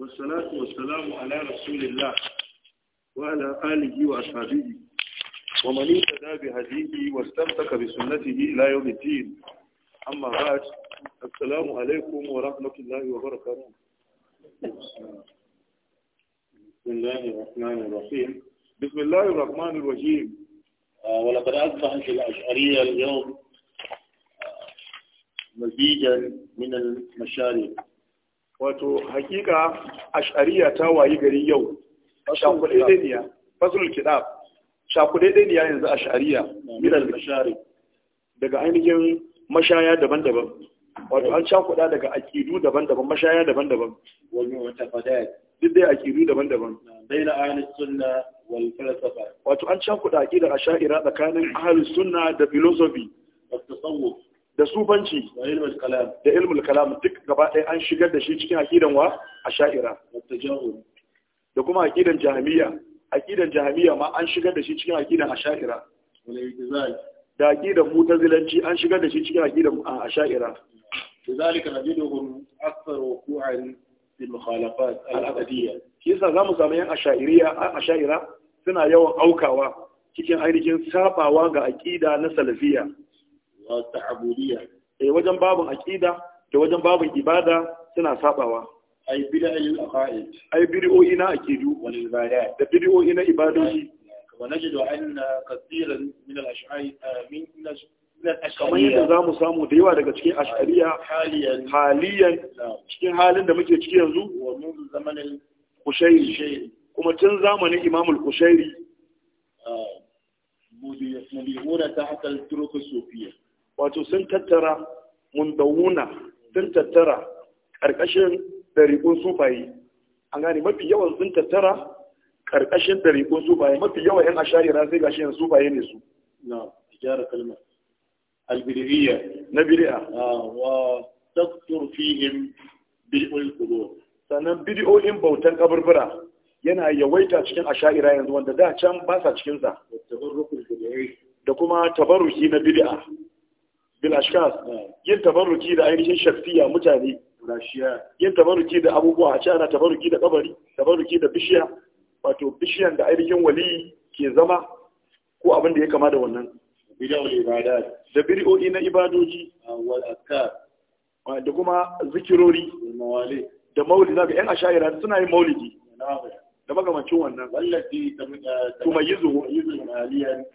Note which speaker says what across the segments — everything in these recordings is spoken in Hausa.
Speaker 1: والصلاة والسلام على رسول الله وعلى آله وأصحابه ومن اهتدى بهديه واستمسك بسنته إلى يوم الدين أما بعد السلام عليكم ورحمة الله وبركاته بسم الله الرحمن الرحيم بسم الله الرحمن الرحيم آه، ولقد أصبحت الأشعرية اليوم آه، مزيجا من المشارق wato hakika ash'ariya ta wayi gari yau shakudaidaniya fasul kidab shakudaidaniya yanzu ash'ariya milal mashari daga ainihin mashaya daban-daban wato an shakuda daga akidu daban-daban mashaya daban-daban wani wata fadaya duk dai akidu daban-daban baina ahli sunna wal falsafa wato an shakuda akidar ash'ira tsakanin ahlus sunna da philosophy da tasawuf da sufanci da ilmul kalam duk gaba ɗaya an shigar da shi cikin aqidan wa asha'ira da kuma aqidan jahmiya aqidan jahmiya ma an shigar da shi cikin aqidan asha'ira da aqidan mutazilanci an shigar da shi cikin aqidan asha'ira لذلك نجدهم أكثر وقوعا في المخالفات الأبدية kisa za mu samu yan asha'ira suna yawan aukawa cikin ainihin sabawa ga aƙida na salafiya ta'abudiyya eh wajen babun aqida da wajen babun ibada suna sabawa ay bid'ahil aqaid ai bid'o'i na aqidu wal ibadat da bid'o'i na ibadoji ونجد أن كثيرا من الأشعار من kamar yadda za mu samu da yawa daga cikin ashariya haliyan cikin halin da muke ciki yanzu kuma tun zamanin imamul kushairi budi ah, mubihuna ta hatar turku sofiya wato sun tattara mundawuna sun tattara ƙarƙashin ɗariƙun sufaye an gane mafi yawan sun tattara ƙarƙashin ɗariƙun sufaye mafi yawan yan na sai gashi yan sufaye ne su na tijara kalma albiriyya na biri'a wa taktur fihim bid'ul qulub sannan bidiyoyin bautan kaburbura yana yawaita cikin asha'ira yanzu wanda da can ba sa cikinsa da kuma tabaruki na bid'a bil ashkas yin tabarruki da ainihin shafiya mutane yin tabarruki da abubuwa a ce ana tabarruki da kabari tabarruki da bishiya wato bishiyan da ainihin wali ke zama ko abin da ya kama da wannan da biri'o'i na ibadoji ah, ah, da kuma zikirori da maulidi zaga yan ashayira suna yin maulidi da magamancin wannan kuma yi zuwa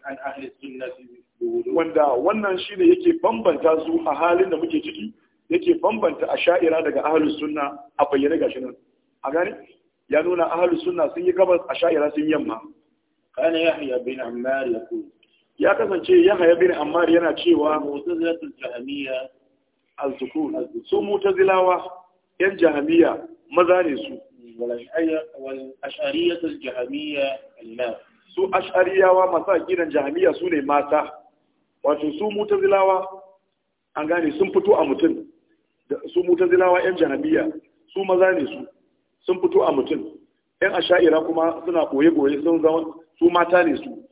Speaker 1: an ahli sunnati wanda wannan shi ne yake bambanta su a halin da muke ciki yake bambanta a sha'ira daga ahalus sunna a bayyane gashi nan a gani ya nuna ahalus sunna sun yi gabas a sha'ira sun yamma kana kasance bin ammar ya kasance yahya bin ammar yana cewa mu'tazilatul jahmiya al-sukun su mu'tazilawa yan jahmiya maza ne su wal ash'ariyatul jahmiya al-nas su ash'ariyawa masu aqidan jahmiya su ne mata wato su mutazilawa an gane sun fito a mutum su mutazilawa yan janabiya su maza ne su sun fito a mutum yan asha'ira kuma suna koye-koye sun zama su mata ne su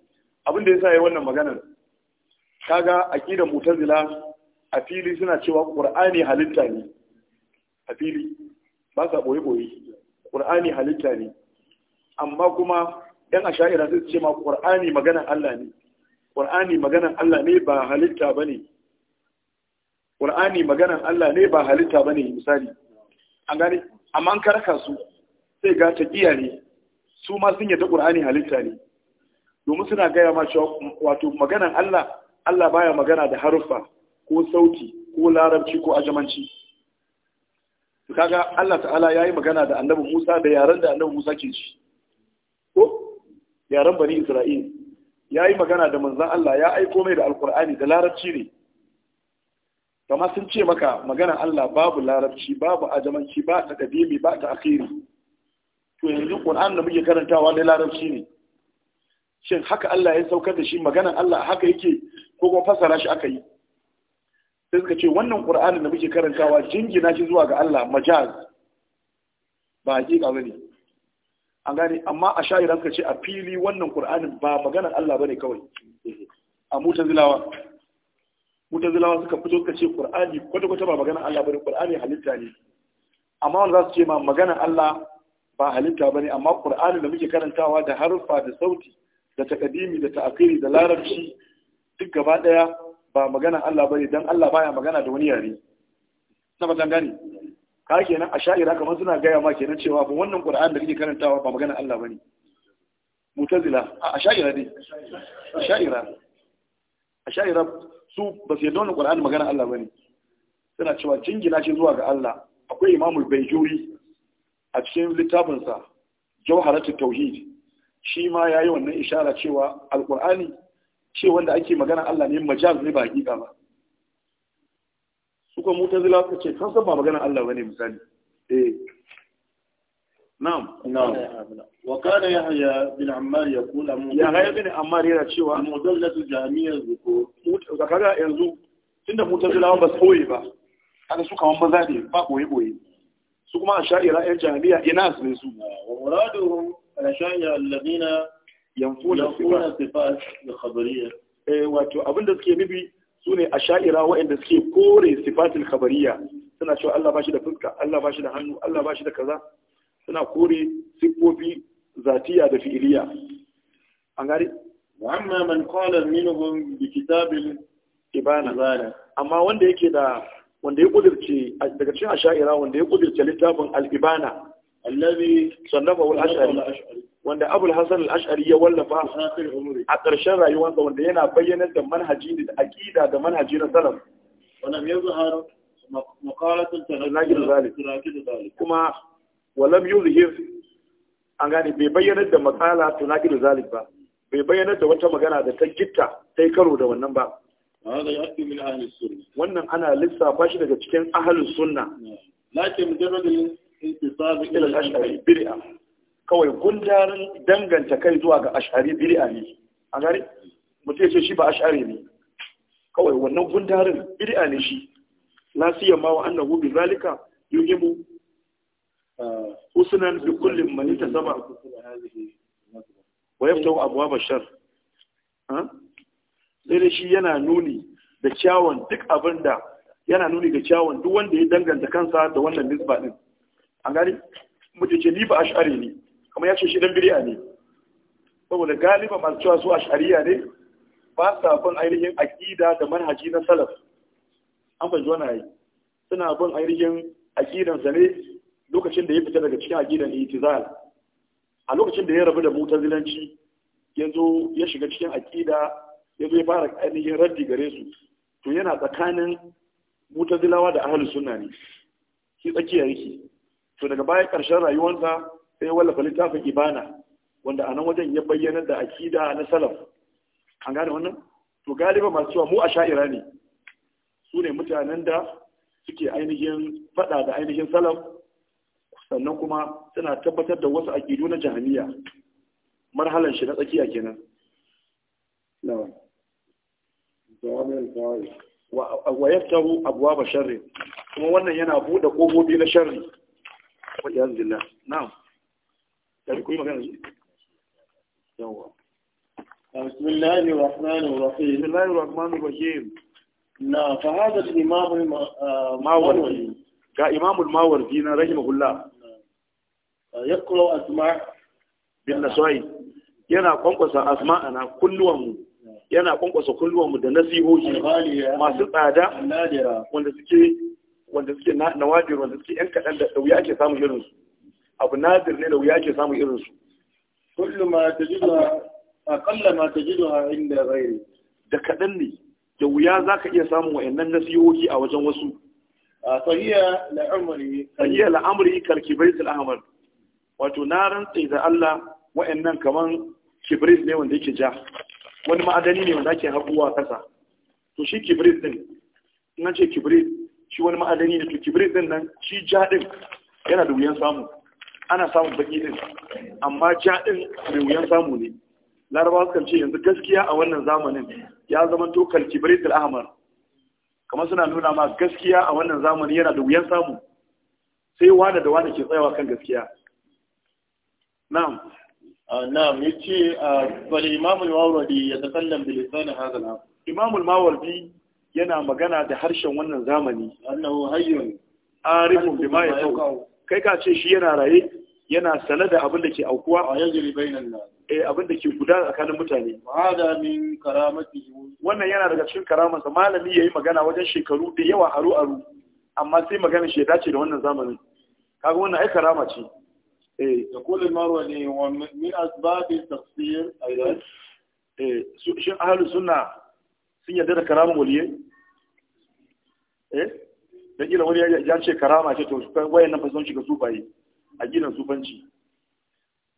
Speaker 1: abin da ya sa yi wannan maganar kaga aqidar mutazila a fili suna cewa qur'ani halitta ne a fili ba sa boye-boye qur'ani halitta ne amma kuma yan asha'ira sun ce ma qur'ani maganar Allah ne Qur'ani maganan Allah ne ba halitta ba ne ƙur'ani maganan Allah ne ba halitta ba ne misali an gani amma an karka su sai ga ta giya ne su ma sun yadda ƙur'ani halitta ne domin suna gaya ma cewa wato maganan Allah Allah baya magana da haruffa ko sauti ko larabci ko ajamanci kaga Allah ta'ala yayi magana da Annabi Musa da yaran da Annabi Musa ke ci ko yaran bani Isra'ila ya yi magana da manzan Allah ya aiko mai da alkur'ani da larabci ne kama sun ce maka magana Allah babu larabci babu ajamanci ba ta ƙadimi ba ta akiri to yanzu ƙun'an da muke karantawa na larabci ne shin haka Allah ya saukar da shi magana Allah haka yake ko kuma fasara shi aka yi sai suka ce wannan ƙun'an da muke karantawa jingina shi zuwa ga Allah majaz ba hakika bane an gane amma a sha suka ce a fili wannan ƙur'anin ba maganar Allah bane kawai a mutazilawa mutazilawa suka fito suka ce ƙur'ani kwata kwata ba maganar Allah bane ƙur'ani halitta ne amma wanda za su ce ma maganar Allah ba halitta bane amma ƙur'ani da muke karantawa da harfa da sauti da takadimi da ta'akiri da larabci duk gaba ɗaya ba maganar Allah bane dan Allah baya magana da wani yare na ba gane ka kenan a sha'ira kamar suna gaya ma kenan cewa ba wannan qur'an da kake karantawa ba magana Allah bane mutazila a sha'ira dai a sha'ira a sha'ira su ba su yadda wannan qur'an magana Allah bane suna cewa jingina shi zuwa ga Allah akwai imamul baijuri a cikin littafinsa jawharatul tauhid shi ma yayi wannan ishara cewa Alƙur'ani? ce wanda ake magana Allah ne majaz ne ba hakika ba su kuma mutazila suka ce kan san ba magana Allah bane misali eh na'am na'am wa kana yahya bin ammar yaqul amu yahya bin ammar yana cewa mudallatu jami'a zukur mutu kaga yanzu tunda mutazila ba su koyi ba haka su kaman maza ne ba koyi koyi su kuma a shari'a yan jami'a ina su ne su wa muraduhum al-ashari'a alladhina yanfuna sifat al-khabariyya eh wato abinda suke nufi su ne a sha'ira waɗanda suke kore sifatul khabariya suna cewa Allah ba shi da fuska Allah ba shi da hannu Allah ba shi da kaza suna kore siffofi zatiya da fi'iliya an gari amma man qala minhum bi kitabil ibana amma wanda yake da wanda ya kudirce daga cikin asha'ira wanda ya kudirce littafin al-ibana allazi sannafa al-ash'ari wanda abul hasan al-ash'ari ya wallafa a ƙarshen rayuwarsa wanda yana bayyanar da manhaji da aqida da manhaji na salaf wannan ya zahara maqalatun zalik kuma walam yuzhir an gane bai bayyanar da maqala tunaqid zalik ba bai bayyanar da wata magana da ta gitta sai karo da wannan ba wannan ana lissafa shi daga cikin ahlus sunna lakin mujarrad al-intisab ila al-ash'ari bid'ah kawai gundarin danganta kai zuwa ga ashari bid'a ne a gari mutum ce shi ba ashari ne kawai wannan gundarin bid'a ne shi la ma wa annahu bi zalika yuhimu uh, husnan bi kulli man zama wa yaftahu abwab abuwa bashar. sai shi yana nuni da kyawun duk abinda yana nuni ga kyawun duk wanda ya danganta kansa da wannan nisba din a gari mutum ce ni ba ashari ne kamar ya ce shi dan biriya ne saboda galiba masu cewa su a shari'a ne ba sa bin ainihin aqida da manhaji na salaf an fahimci wannan ai suna bin ainihin aqidan sa ne lokacin da ya fita daga cikin aqidan itizal a lokacin da ya rabu da mutazilanci yanzu ya shiga cikin aqida yanzu ya fara ainihin raddi gare su to yana tsakanin mutazilawa da ahlus sunna ne shi tsakiya yake to daga baya karshen rayuwarsa sai ya wallafa littafin ibana wanda a wajen ya bayyana da akida na salaf an gane wannan to galiba masu cewa mu a sha'ira ne su ne mutanen da suke ainihin fada da ainihin salaf sannan kuma suna tabbatar da wasu akidu na jahaniya marhalan shi na tsakiya kenan wa yaftahu abwaaba sharri kuma wannan yana buɗe kofofi na sharri wa yanzu na'am da ku بسم الله الرحمن الرحيم بسم الله الرحمن الرحيم نعم فهذا الإمام رحمه الله يقرأ أسماء بالنسوي yana kwankwasa da nasihohi masu tsada wanda suke wanda suke wanda suke yan da wuya ake samun irinsu abu nadir ne da wuya ke samun irin su kullu ma tajiduha aqalla ma tajiduha inda ghairi da kadan ne da wuya zaka iya samun wayannan nasihohi a wajen wasu fahiya la'amri fahiya la'amri kal kibrit al-ahmar wato na rantsi da Allah wayannan kaman kibrit ne wanda yake ja wani ma'adani ne wanda ake haƙuwa kasa to shi kibrit din in ce kibrit shi wani ma'adani ne to kibrit din nan shi ja din yana da wuyan samu ana samun baki din amma ja din mai wuyan samu ne laraba kan ce yanzu gaskiya a wannan zamanin ya zama to kalkibrit al-ahmar kamar suna nuna ma gaskiya a wannan zamanin yana da wuyan samu sai wani da wani ke tsayawa kan gaskiya na'am ah, na'am yace ah, bal imam al-mawardi ya takallam bil lisan hada al-am imam al-mawardi yana magana da harshen wannan zamani annahu hayyun arifun bima yaqulu kai ka ce shi yana raye yana sane da abin da ke aukuwa a yanzu nan na eh abin da ke guda tsakanin mutane hada min wannan yana daga cikin karamarsa malami yayi magana wajen shekaru da yawa aru aru amma sai magana shi ya dace da wannan zamanin kaga wannan ai karama ce eh da al marwa ne wa min asbabi tafsir aidan eh shin ahlus sunna sun yarda da karamin waliyyi eh da kila wani ya ce karama ce to wayan nan fasan shiga sufaye a gidan sufanci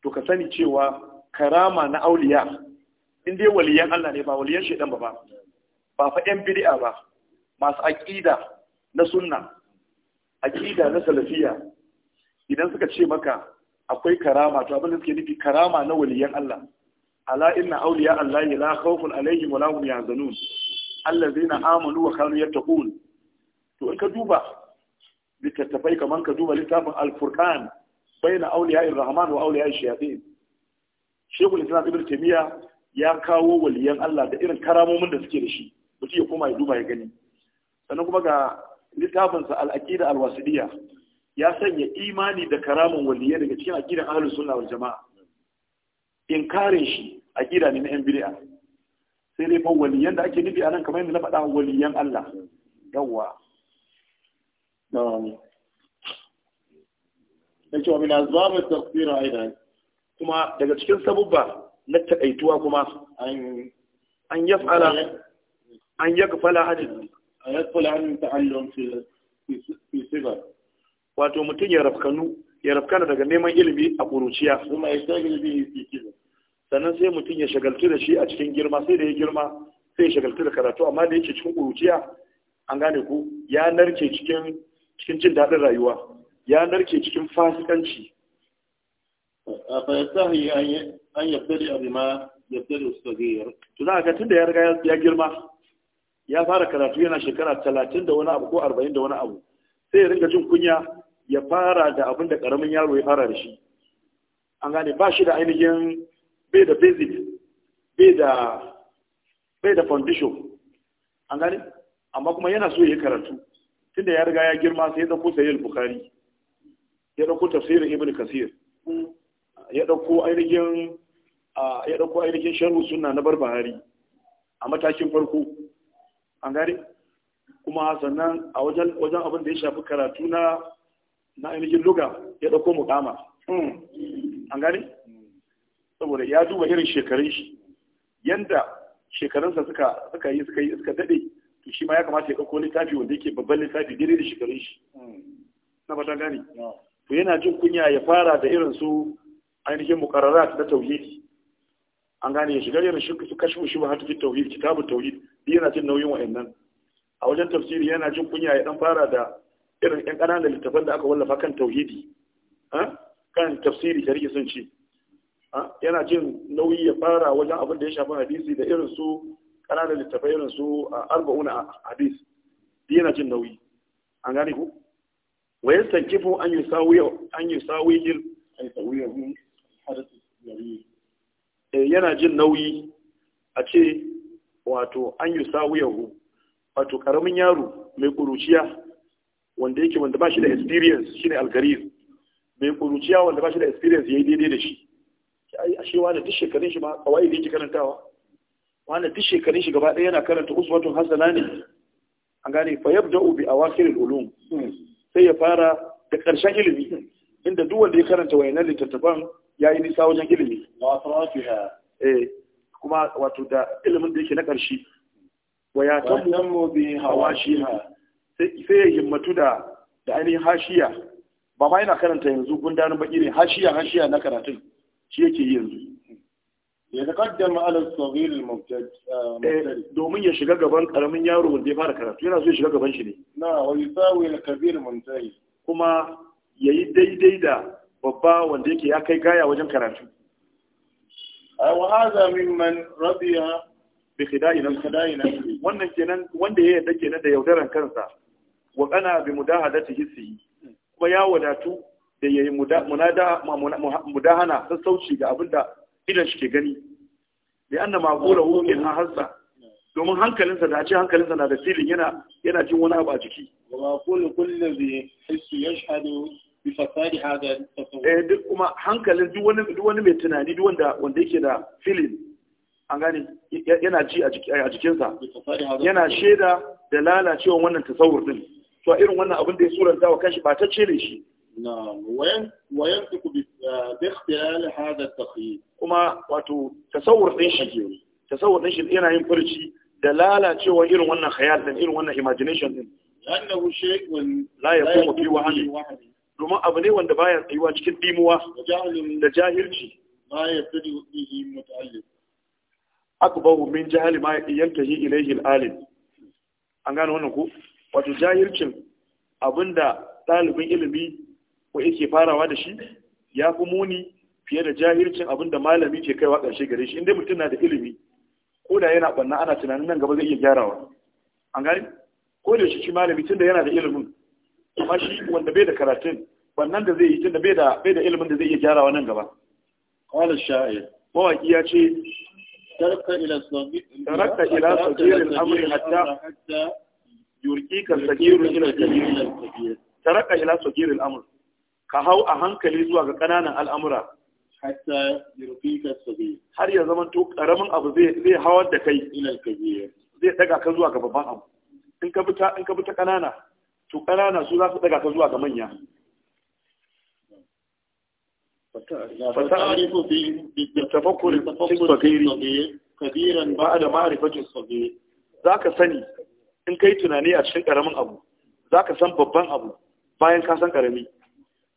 Speaker 1: to ka sani cewa karama na auliya in dai waliyan Allah ne ba waliyan shaidan ba ba ba fa yan bid'a ba masu aqida na sunna aqida na salafiya idan suka ce maka akwai karama to abin da suke nufi karama na waliyan Allah ala inna awliya Allah la khawfun alaihim wa la hum yahzanun allazina amanu wa kanu yattaqun to in ka duba littattafai kamar ka duba littafin al-furqan bayna awliya ar-rahman wa auliya ash-shayatin shekul islam ibn taymiya ya kawo waliyan Allah da irin karamomin da suke da shi mutum ya koma ya duba ya gani sannan kuma ga littafinsa al-aqida al-wasidiyya ya sanya imani da karamin waliyai daga cikin aqidan ahlus sunna wal jamaa inkarin shi aqida ne na yan bid'a sai dai fa waliyan da ake nufi anan kamar yadda na faɗa waliyan Allah yawwa نعم yake wa min azbab taqdir aidan kuma daga cikin sabubba na takaituwa kuma an an yaf'ala an yakfala hadin an yakfala an ta'allum fi fi sigar wato mutun ya rafkanu ya rafkana daga neman ilimi a kuruciya kuma ya shagil bi fi kiza sannan sai mutun ya shagaltu da shi a cikin girma sai da ya girma sai ya shagaltu da karatu amma da yake cikin kuruciya an gane ku ya narke cikin cikin jin daɗin rayuwa ya narke cikin fasikanci fayasahi an yabdari abu ma yabdari sagir to za ga tunda ya riga ya girma ya fara karatu yana shekara talatin da wani abu ko arba'in da wani abu sai ya ringa jin kunya ya fara da abin da karamin yaro ya fara da shi an gane ba shi da ainihin bai da basic bai da bai da foundation an gane amma kuma yana so ya karatu tunda ya riga ya girma sai ya dauko sayyid bukhari ya dauko tafsirin ibnu kasir ya dauko ainihin ya dauko ainihin sharh sunna na barbahari a matakin farko an gare kuma sannan a wajen wajen abin da ya shafi karatu na na ainihin luga ya dauko muqama an gare saboda ya duba irin shekarun shi yanda shekarunsa suka suka yi suka yi suka dade to shi ma ya kamata ya ɗauko littafi wanda yake babban littafi dare da shekarun shi na fata gani to yana jin kunya ya fara da irin su ainihin mukarrarat na tauhidi an gane ya shiga irin su kashfu shi ba hatu fit tauhidi kitabu tauhid yana jin nauyin wa'annan a wajen tafsiri yana jin kunya ya dan fara da irin yan ƙananan littafan da aka wallafa kan tauhidi kan tafsiri shari'i sun ce yana jin nauyi ya fara wajen abin da ya shafi hadisi da irin su kananan littafai irin su arba'una hadis duk yana jin nauyi an gane ku wa yastankifu an yusawi an yi jil eh, yana jin nauyi a ce wato an yusawi yahu wato karamin yaro mai kuruciya wanda yake wanda ba shi da experience shine algarir mai kuruciya wanda ba shi da experience yayi daidai da shi ai ashewa da duk shekarun shi ma kawai da yake karantawa wannan duk shekarun shi gaba ɗaya yana karanta uswatun hasana ne an gane fa yabda'u bi wakilin ulum sai ya fara da ƙarshen ilimi inda duk wanda ya karanta wayannan littattafan ya yi nisa wajen ilimi eh, kuma wato da ilimin da yake na ƙarshe waya ya mu bi hawashiha sai sai ya himmatu da da ainihin hashiya ba ma yana karanta yanzu gundarin baki ne hashiya hashiya na karatun shi yake yi yanzu ya taqaddama ala as-saghir al-mubtadi domin ya shiga gaban karamin yaro wanda ya fara karatu yana so ya shiga gaban shi ne na wa yusawi al-kabir muntahi kuma yayi daidai da babba wanda yake ya kai gaya wajen karatu wa hadha mimman radiya bi khida'i nafsihi wannan kenan wanda ya yarda kenan da yaudaran kansa wa qana bi mudahadati hissihi kuma ya wadatu da yayi mudahana sassauci ga abinda idan shi ke gani da yana maƙula hukin na hasa domin hankalinsa da a ce hankalinsa na da filin yana yana jin wani abu a jiki eh duk kuma hankalin duk wani mai tunani duk wanda wanda yake da filin an gane yana ji a jikinsa yana shaida da lalacewa wannan tasawur din to irin wannan abin da ya suranta wa kanshi ba ta ce ne shi na'am kuma wato tasawur din shi tasawur din shi yana yin furci da lalacewa irin wannan khayal din irin wannan imagination din annahu shay'un la yaqumu fi wahmi domin abu ne wanda baya tsayuwa cikin dimuwa da jahilci ma yasdi bihi ma yantahi ilayhi al-alim an gane wannan ko wato jahilcin abinda ɗalibin ilimi ko yake farawa da shi ya fi muni fiye da jahilcin abin da malami ke kaiwa ƙarshe gare shi inda mutum na da ilimi ko da yana ɓanna ana tunanin nan gaba zai iya gyarawa an gani ko da shi malami tun da yana da ilimin amma shi wanda bai da karatun ɓannan da zai yi tun da bai da ilimin da zai iya gyarawa nan gaba qala sha'ir mawaki ya ce tarakta ila sabi ila amri hatta yurki kan kabir ila al-kabir ila ka hau a hankali zuwa ga ƙananan al'amura har ya zama to karamin abu zai zai hawar da kai zai daga ka zuwa ga babban abu in ka fita in ka to ƙanana su za su daga ka zuwa ga manya fata'arifu bi tafakkuri tafakkuri kabiran ba'da ma'rifati Za ka sani in kai tunani a cikin ƙaramin abu za ka san babban abu bayan ka san ƙarami.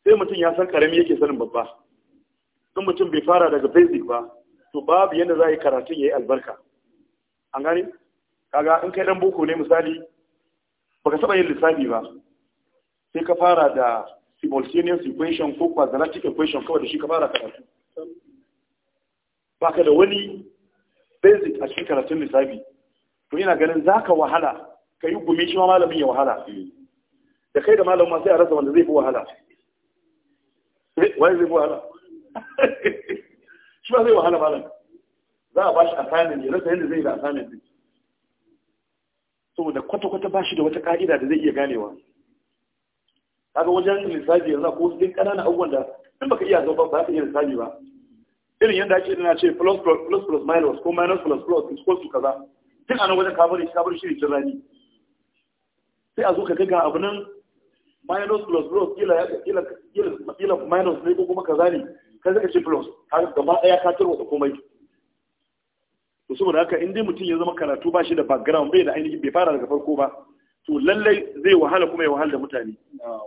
Speaker 1: sai mutum ya san karami yake sanin babba in mutum bai fara daga basic ba to babu yadda za a yi karatun ya yi albarka an gani, kaga in kai dan boko ne misali baka taba yin lissafi ba sai ka fara da simultaneous equation ko quadratic equation kawai da shi ka fara karatu baka da wani basic a cikin karatun lissafi to yana ganin za ka wahala ka yi gumi shi ma malamin ya wahala da kai da malamin ma sai a rasa wanda zai fi wahala Waye zai wahala shi ba zai wahala malam za a ba bashi assignment ya rasa yadda zai da assignment din saboda kwata-kwata ba shi da wata ka'ida da zai iya ganewa kaga wajen lissafi yanzu ko din ƙananan abubuwan da in baka iya zo ba ba ka iya lissafi ba irin yadda ake ina ce plus plus plus minus ko minus plus plus is equal to kaza tun a nan wajen ka bari ka bari shi ne rani sai a zo ka ga abu nan minus plus plus kila kila kila minus ne ko kuma kaza ne kai zaka ce plus har gaba daya ka tarwa da komai to saboda haka in dai mutum ya zama karatu ba shi da background bai da ainihin bai fara daga farko ba to lallai zai wahala kuma ya wahala da mutane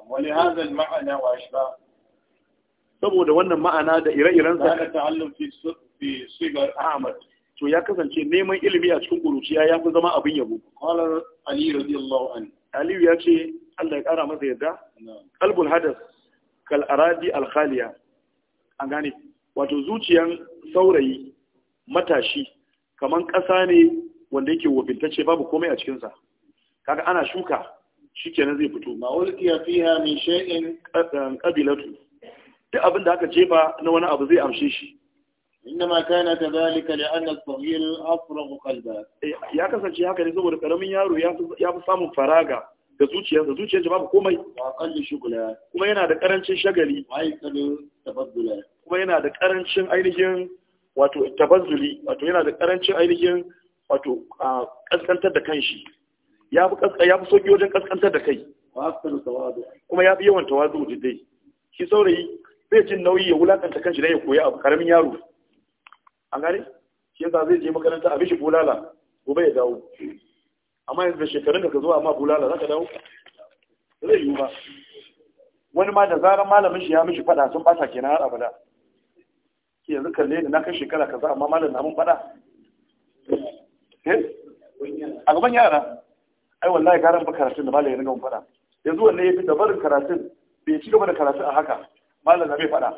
Speaker 1: wani hazan ma'ana wa ashba saboda wannan ma'ana da ire-iren sa ta ta'allum fi fi sigar ahmad to ya kasance neman ilimi a cikin kuruciya ya fi zama abin yabo qala ali radiyallahu anhu aliyu ya ce Allah ya kara masa yadda qalbul hadas kal alkhaliya, an gane wato zuciyan saurayi matashi kamar ƙasa ne wanda yake wabintacce babu komai a cikinsa kaga ana shuka kenan zai fito ma fi ha mai shay'in ƙabilatu eh, duk abin da aka jefa na wani abu zai amshe shi إنما كان كذلك لأن الصغير أفرغ قلبا يا كسر شيء هكذا يسوي الكلام يارو يا يا سام فراغا da zuciyarsa zuciyarsa babu komai wa kalli shugula yana da karancin shagali wa kalli tabaddula kuma yana da karancin ainihin wato tabazzuli wato yana da karancin ainihin wato kaskantar da kanshi ya fi kaska wajen kaskantar da kai wa aksaru tawadu kuma ya fi yawan tawadu dai shi saurayi zai jin nauyi ya wulakanta kanshi da ya koya a karamin yaro an gane shi yasa zai je makaranta a bishi bulala gobe ya dawo amma yanzu da shekarun da ka zo amma bulala za ka dawo zai yiwu ba wani ma da zarar malamin shi ya mishi fada sun bata kenan har abada ke yanzu kalle ni na kai shekara kaza amma malam na mun fada eh? a gaban yara ai wallahi garan ba karatun da malamin ya riga mun fada yanzu wanne ya fi dabarin karatun bai ci gaba da karatun a haka malam na bai fada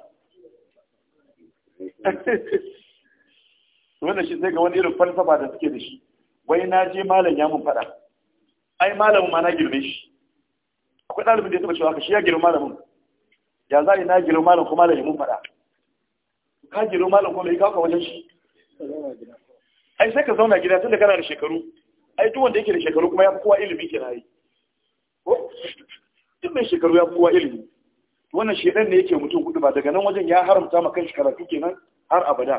Speaker 1: to wannan shi zai ga wani irin falsafa da suke da shi wai na je malam ya mun faɗa ai malamin ma na girme shi akwai ɗalibin da ya taɓa cewa ka shi ya girma malamin ya za na girma malam kuma malam ya mun faɗa ka girma malam kuma mai kawo wajen shi ai sai ka zauna gida tun da kana da shekaru ai duk wanda yake da shekaru kuma ya fi kowa ilimi ke rayu ko duk mai shekaru ya fi kowa ilimi wannan shedan ne yake mutum kudu ba daga nan wajen ya haramta ma kan shi karatu kenan har abada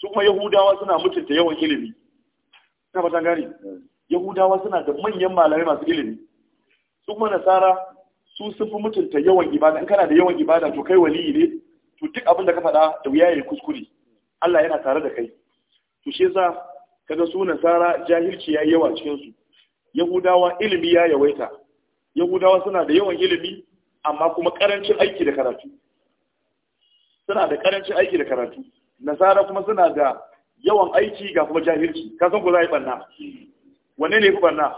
Speaker 1: su kuma yahudawa suna mutunta yawan ilimi na ba gani. Hmm. yahudawa suna da manyan malamai masu ilimi su kuma nasara su sun fi mutunta yawan ibada in kana da yawan ibada to kai waliyi ne to duk abin da ka faɗa da wuya ya kuskure Allah yana tare da kai to shi yasa kaga su nasara jahilci yayi yawa cikin su yahudawa ilimi ya yawaita yahudawa suna da yawan ilimi amma kuma karancin aiki da karatu suna da karancin aiki da karatu nasara kuma suna da yawan aiki ga kuma jahilci ka san ko za a yi barna wanne ne fi barna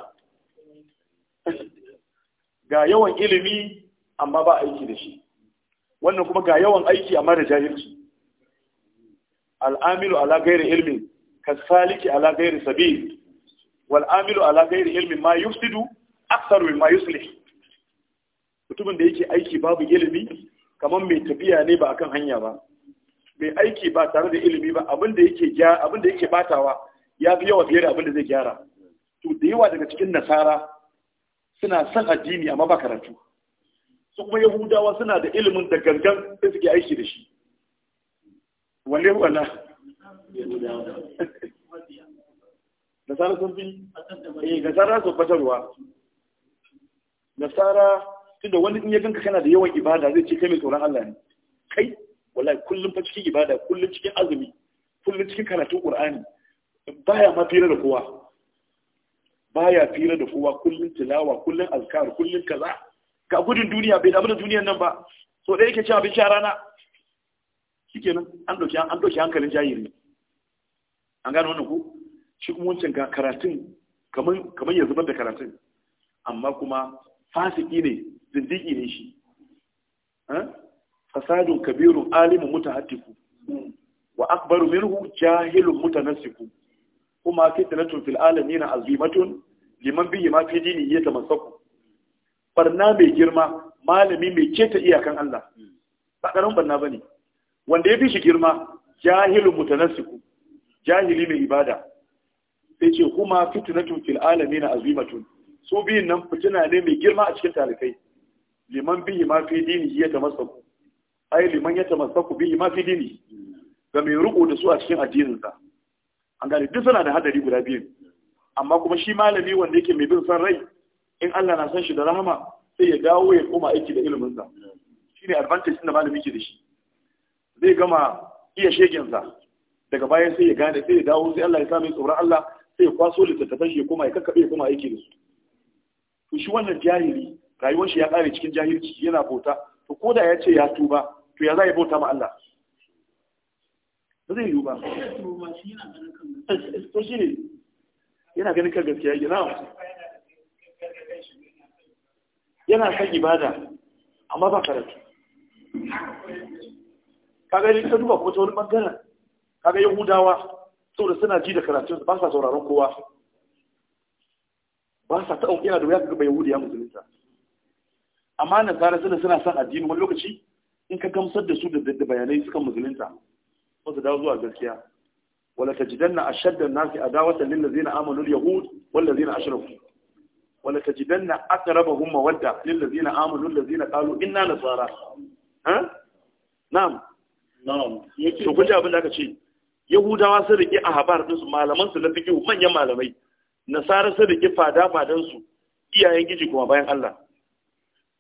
Speaker 1: ga yawan ilimi amma ba aiki da shi wannan kuma ga yawan aiki amma da jahilci al'amilu ala gairi ilmin saliki ala gairi sabi wal'amilu ala gairi ilmin ma yufsidu aktsaru mimma yuslih mutumin da yake aiki babu ilimi kamar mai tafiya ne ba akan hanya ba mai aiki ba tare da ilimi ba abin da yake gyara abin da yake batawa ya fi yawa fiye da abin da zai gyara to da yawa daga cikin nasara suna son addini amma ba karatu su kuma yahudawa suna da ilimin da gangan sai suke aiki da shi wanne wala nasara sun fi eh nasara sun fatarwa nasara tunda wani in ya ganka kana da yawan ibada zai ce kai mai tsoron Allah ne kai wallahi kullum fa cikin ibada kullum cikin azumi kullum cikin karatun qur'ani baya ma fira da kowa baya fira da kowa kullum tilawa kullum azkar kullum kaza ga gudun duniya bai damu da duniyan nan ba so dai yake cewa bi a rana shikenan an doki an doki hankalin jahiri an gano wannan ku. shi kuma wancan ga karatun kamar kamar ya zubar da karatun amma kuma fasiki ne zindiki ne shi hm? fasadun كبير عالم mutahattiku wa akbaru جاهل jahilun وما kuma في العالمين عظيمه لمن liman ما ma fi يتمسك ya tamassaku barna mai girma malami mai keta iyakan Allah ba karan barna bane wanda ya fi shi girma jahilun mutanassiku jahili mai ibada sai ce kuma fitnatun fil alamin azimatun su biyun nan fitina ne mai girma a cikin talikai liman bihi ma fi dini ya tamassaku ai liman ya tamassaku bihi ma fi dini ga mai riko da su a cikin addininsa an gane duk suna da hadari guda biyu amma kuma shi malami wanda yake mai bin san rai in Allah na san shi da rahama sai ya dawo ya koma aiki da ilimin sa shine advantage din da malami ke da shi zai gama iya shegen sa daga baya sai ya gane sai ya dawo sai Allah ya sa mai tsoron Allah sai ya kwaso littattafan shi ya koma ya kakkabe ya koma aiki da su to shi wannan jahili rayuwar shi ya kare cikin jahilci yana bauta to ko da ya ce ya tuba to ya za ya bauta ma Allah zai yi ba to shi ne yana ganin kan gaskiya yana yana kan ibada amma ba karatu kaga ne ka duba kuma ta wani bangare kaga yahudawa saboda suna ji da karatun ba sa sauraron kowa ba sa ta yana da wuya ga yahudiya musulunta amma na tsara suna suna son addini wani lokaci in ka gamsar da su da bayanai suka musulunta su dawo zuwa gaskiya wala tajidanna ashadda an-nasi adawatan lil ladina amanu al-yahud wal ladina ashraku wala tajidanna aqrabahum mawadda lil ladina amanu ladina qalu inna nasara ha na'am na'am to kuje abin da aka ce yahudawa sun rike ahbar din su malaman su na fiqh manyan malamai nasara sun rike fada fadan su iyayen giji kuma bayan Allah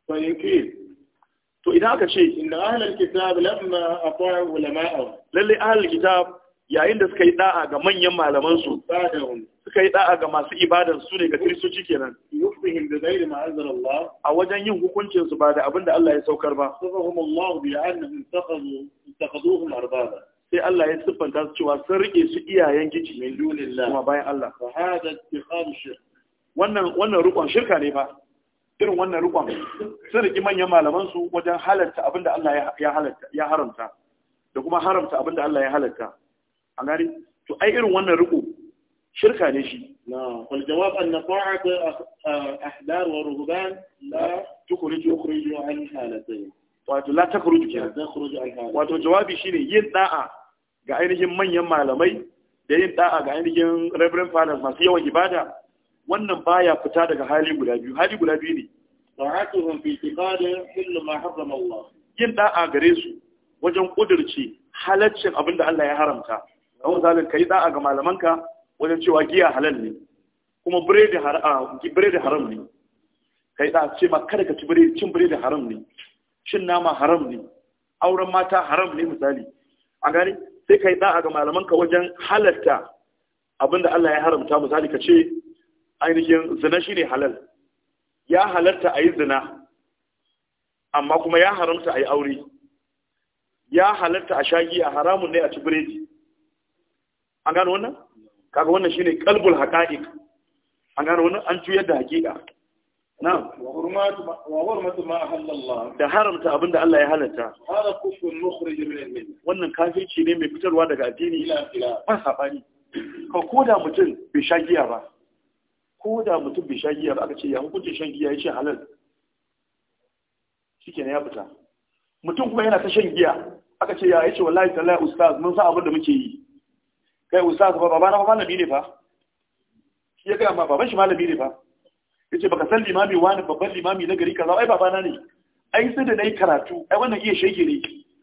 Speaker 1: fa yake to idan aka ce inna ahlal kitab lamma ata'u ulama'ahum lalle ahlul kitab yayin da suka yi da'a ga manyan malaman su suka yi da'a ga masu ibadar su ne ga kristoci kenan yufihim bi ghairi ma anzalallah a wajen yin hukuncin su ba da abin da Allah ya saukar ba sabahumullahu bi annahum taqadu taqaduhum arbaba sai Allah ya siffanta su cewa sun rike su iyayen giji min dunillah kuma bayan Allah fa hada ittikhadu shirk wannan wannan rukun shirka ne fa irin wannan rukon sun riki manyan malamansu wajen halarta abin da Allah ya haramta da kuma haramta abin da Allah ya halarta a gani to ai irin wannan riko shirka ne shi na wal jawab an nafa'at ah, ahdar wa ruhban la tukhrij ukhrij an halatayn wato la takhruj kenan wato jawabi shine yin da'a ga ainihin manyan malamai da yin da'a ga ainihin reverend fathers masu yawan ibada wannan baya fita daga hali guda biyu hali guda biyu ne ta'atuhum fi i'tiqadin kullu ma harrama Allah yin da'a gare su wajen kudirce halaccin abin da Allah ya haramta don zalin kai da'a ga malamanka wajen cewa giya halal ne kuma biredi biredi haram ne kai da ce ma kada ka ci biredi cin biredi haram ne cin nama haram ne auren mata haram ne misali a gani sai kai da'a ga malamanka wajen halarta abinda Allah ya haramta misali ka ce ainihin zina shi ne halal ya halarta a yi zina amma kuma ya haramta a yi aure ya halarta a shagi a haramun ne a ci biredi an gano wannan kaga wannan shi ne kalbul haqa'iq an gano wannan an juyar da haƙiƙa Na wa hurmatu ma da haramta abinda Allah ya halatta wannan kafirci ne mai fitarwa daga addini ba sabani ko koda mutum bai shagiya ba ko da mutum bai sha giya ba aka ce ya hukuncin shan giya ya ce halal shi ya fita mutum kuma yana ta shan giya aka ce ya ya ce wallahi tallahi ustaz mun sa abin da muke yi kai ustaz ba babana ba malami ne fa shi ya kai ma baban shi malami ne fa ya ce baka san limami wani babban limami na gari kaza ai babana ne ai sai da na yi karatu ai wannan iya shege ne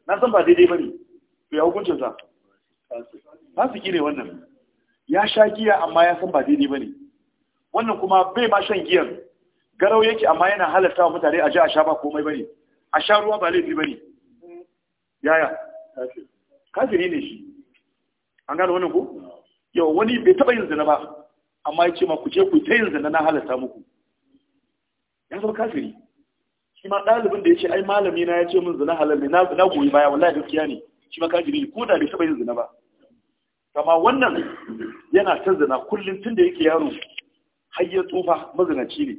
Speaker 1: na san ba daidai ba ne to ya hukuncinsa fasiki ne wannan ya sha giya amma ya san ba daidai ba ne wannan kuma bai ma shan giyan garau yake amma yana halatta wa mutane a ji a sha ba komai bane a sha ruwa ba laifi bane yaya kafiri ne shi an gano wannan ko yau wani bai taba yin zina ba amma ya ce ma ku je ku ta yin zina na halatta muku ya zama kafiri shi ma ɗalibin da ya ce ai malami na ya ce min zina halal ne na goyi baya wallahi gaskiya ne shi ma kafiri ko da bai taba yin zina ba kama wannan yana ta zina kullum tun da yake yaro har ya tsufa mazinaci ne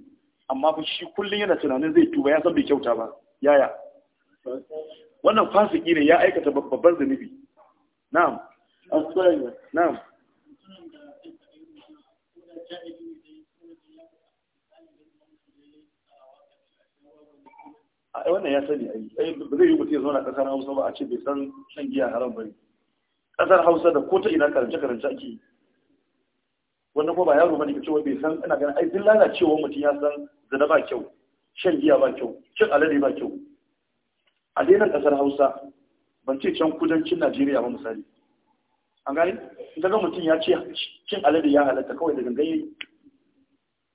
Speaker 1: amma fa shi kullum yana tunanin zai tuba ya san bai kyauta ba yaya wannan fasiki ne ya aikata babban zunubi na'am na'am a wannan ya sani ai ba zai yi mutum ya zauna kasar hausa ba a ce bai san shan giya haram ba ne kasar hausa da ko ta ina karance karance ake yi. wannan kuma ba yaro bane ka cewa bai san ina ganin ai duk lalacewa mutum ya san zina ba kyau shan giya ba kyau cin alade ba kyau a daina kasar Hausa ban ce can kudancin Najeriya ba misali an gani ga mutum ya ce cin alade ya halatta kawai da gangaye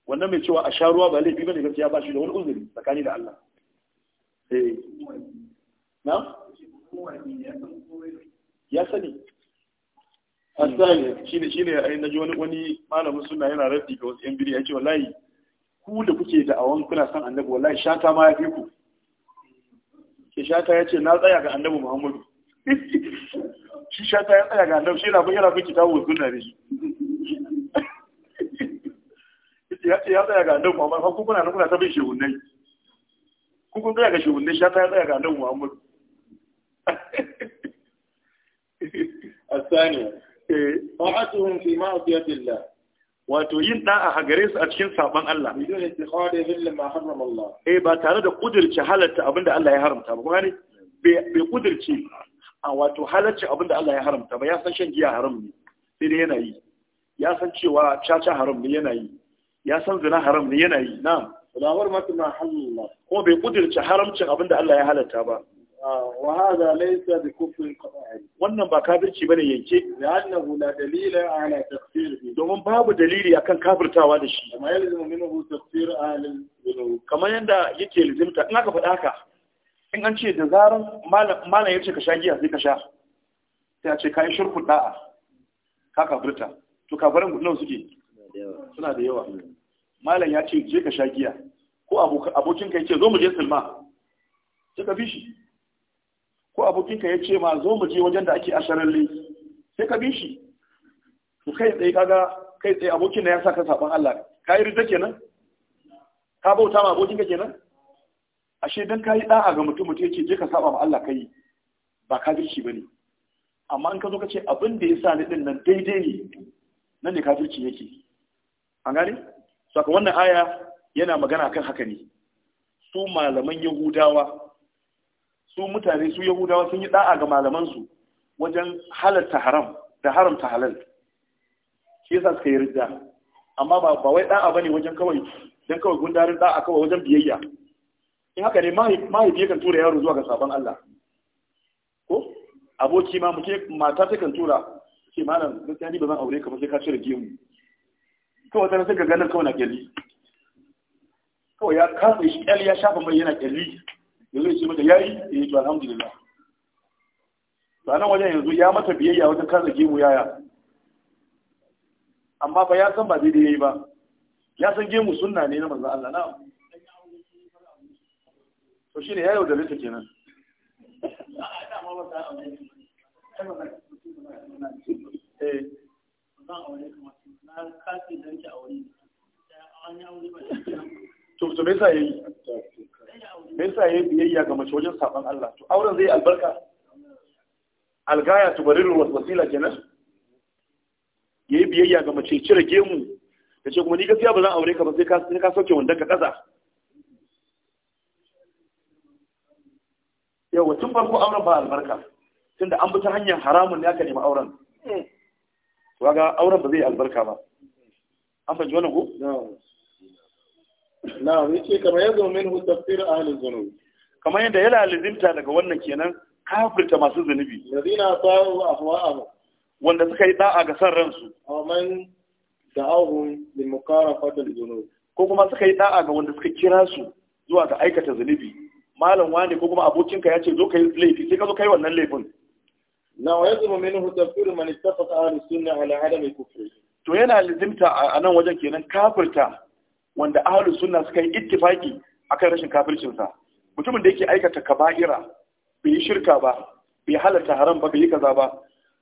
Speaker 1: wannan mai cewa a sha ruwa ba laifi bane gaskiya ba shi da wani uzuri tsakani da Allah eh na ya sani asali shine shine ai naji wani wani malamin sunna yana raddi ga wasu yan biri yace wallahi ku da kuke da awan kuna san annabi wallahi shata ma ya fi ku ke shata ce na tsaya ga annabi Muhammadu shi shata ya tsaya ga annabi shi na bin yana bin kitabu sunna ne shi ya tsaya ga annabi Muhammadu ku kuna kuna ta bin shehunnai ku kun tsaya ga shehunnai shata ya tsaya ga annabi Muhammadu الثانية ta'atuhum eh, fi ma'siyatillah wato yin da'a a gare su a cikin saban Allah bidon istikhadi illa ma harrama Allah eh ba tare da kudirce halatta abinda Allah ya haramta ba kuma ne bai kudirce a wato halarci abinda Allah ya haramta ba ya san shan giya haram ne sai dai yana yi ya san cewa caca haram ne yana yi ya san zina haram ne yana yi na'am kulawar ma tuna halalla ko bai kudirce haramcin abinda Allah ya halatta ba وهذا ليس بكفر قطعي wannan ba kafirci bane yanke لانه لا دليل على تكفيره domin babu dalili akan kafirtawa da shi amma yalzim minhu tafsir ahli kamar yanda yake lazimta in aka faɗa haka in an ce da zarar malam yace ka sha giya sai ka sha sai a ce kai shirku da'a ka kafirta to kafiran gudun suke suna da yawa malam ya ce je ka sha giya ko abokin ka yace zo mu je silma sai ka bi shi ko abokinka ya ce ma zo mu je wajen da ake asharalle sai ka bi shi to kai tsaye kaga kai tsaye abokin na ya saka sabon Allah ka yi rida kenan ka bauta ma abokinka kenan ashe dan ka yi da'a ga mutum mutum yake je ka saba ma Allah kai ba shi bane amma in ka zo ka ce abin da ya sa ni din nan daidai ne nan ne kafirci yake an gane saka wannan aya yana magana kan haka ne su malaman yahudawa su mutane su yahudawa sun yi da'a ga malamansu wajen halatta haram da haramta halal shi yasa suka yi ridda amma ba wai da'a bane wajen kawai dan kawai gundarin da'a kawai wajen biyayya in haka ne mahaifi kan tura yaro zuwa ga sabon Allah ko aboki ma muke mata ta kan tura ce malam gaskiya ni ba zan aure ka ba sai ka cire gemu kawai tana sai ga ganin kawai na kyalli kawai ya kasa shi ya shafa mai yana kyalli yanzu ya ce mata ya yi eh, to alhamdulillah sanan wajen yanzu ya mata biyayya wajen kaza gemu yaya amma ba ya san ba daidai yayi ba ya san gemu sunna ne na manzon Allah na to shine ya yaudare ta kenan eh to to me sa yayi da yasa yayi biyayya ga mace wajen saban Allah to auren zai albarka algaya ruwa wasila kenan yayi biyayya ga mace cire gemu da ce kuma ni gaskiya ba zan aure ka ba sai ka sai ka sauke wanda ka kaza yawa tun farko auren ba albarka tunda an bi ta hanyar haramun ne aka nemi auren hmm. to ga auren ba zai albarka ba an fahimci wannan ko na yace kamar yanzu min hu a halin zunub kamar yadda ya lalizimta daga wannan kenan kafirta masu zunubi ladina sa'u ahwa'ahum wanda suka yi da'a ga san ransu A amman da'ahum li muqarafati al-zunub ko kuma suka yi da'a ga wanda suka kira su zuwa ga aikata zunubi malam wani ko kuma abokinka ya ce zo ka yi laifi sai ka zo kai wannan laifin na wa yazmu minhu tafsir man ittafaqa ahli sunna ala adami kufri to yana lizimta a nan wajen kenan kafirta wanda ahlus sunna suka yi ittifaki akan rashin kafircinsa, mutumin da yake aikata kaba'ira bai yi shirka ba bai halarta haram ba bai yi kaza ba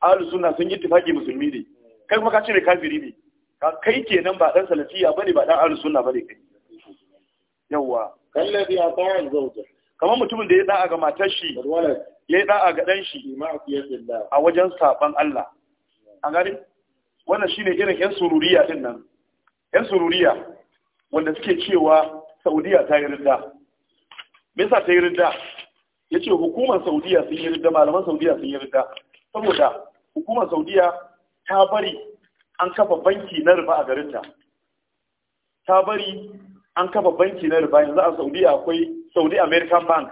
Speaker 1: ahlus sunna sun yi ittifaki musulmi ne kai kuma ka mai kafiri ne kai kenan ba dan salafiya bane ba dan ahlus sunna bane kai yawa kallazi ata'a zauta kamar mutumin da ya da'a ga matar shi ya yi da'a ga dan shi a wajen saban Allah an gani wannan shine irin yan sururiya din nan yan sururiya wanda suke cewa saudiya ta yi rida me ta yi rida ya ce hukumar saudiya sun yi rida malaman saudiya sun yi rida saboda hukumar saudiya ta bari an kafa banki na riba a garinta ta bari an kafa banki na riba yanzu a saudiya akwai saudi american bank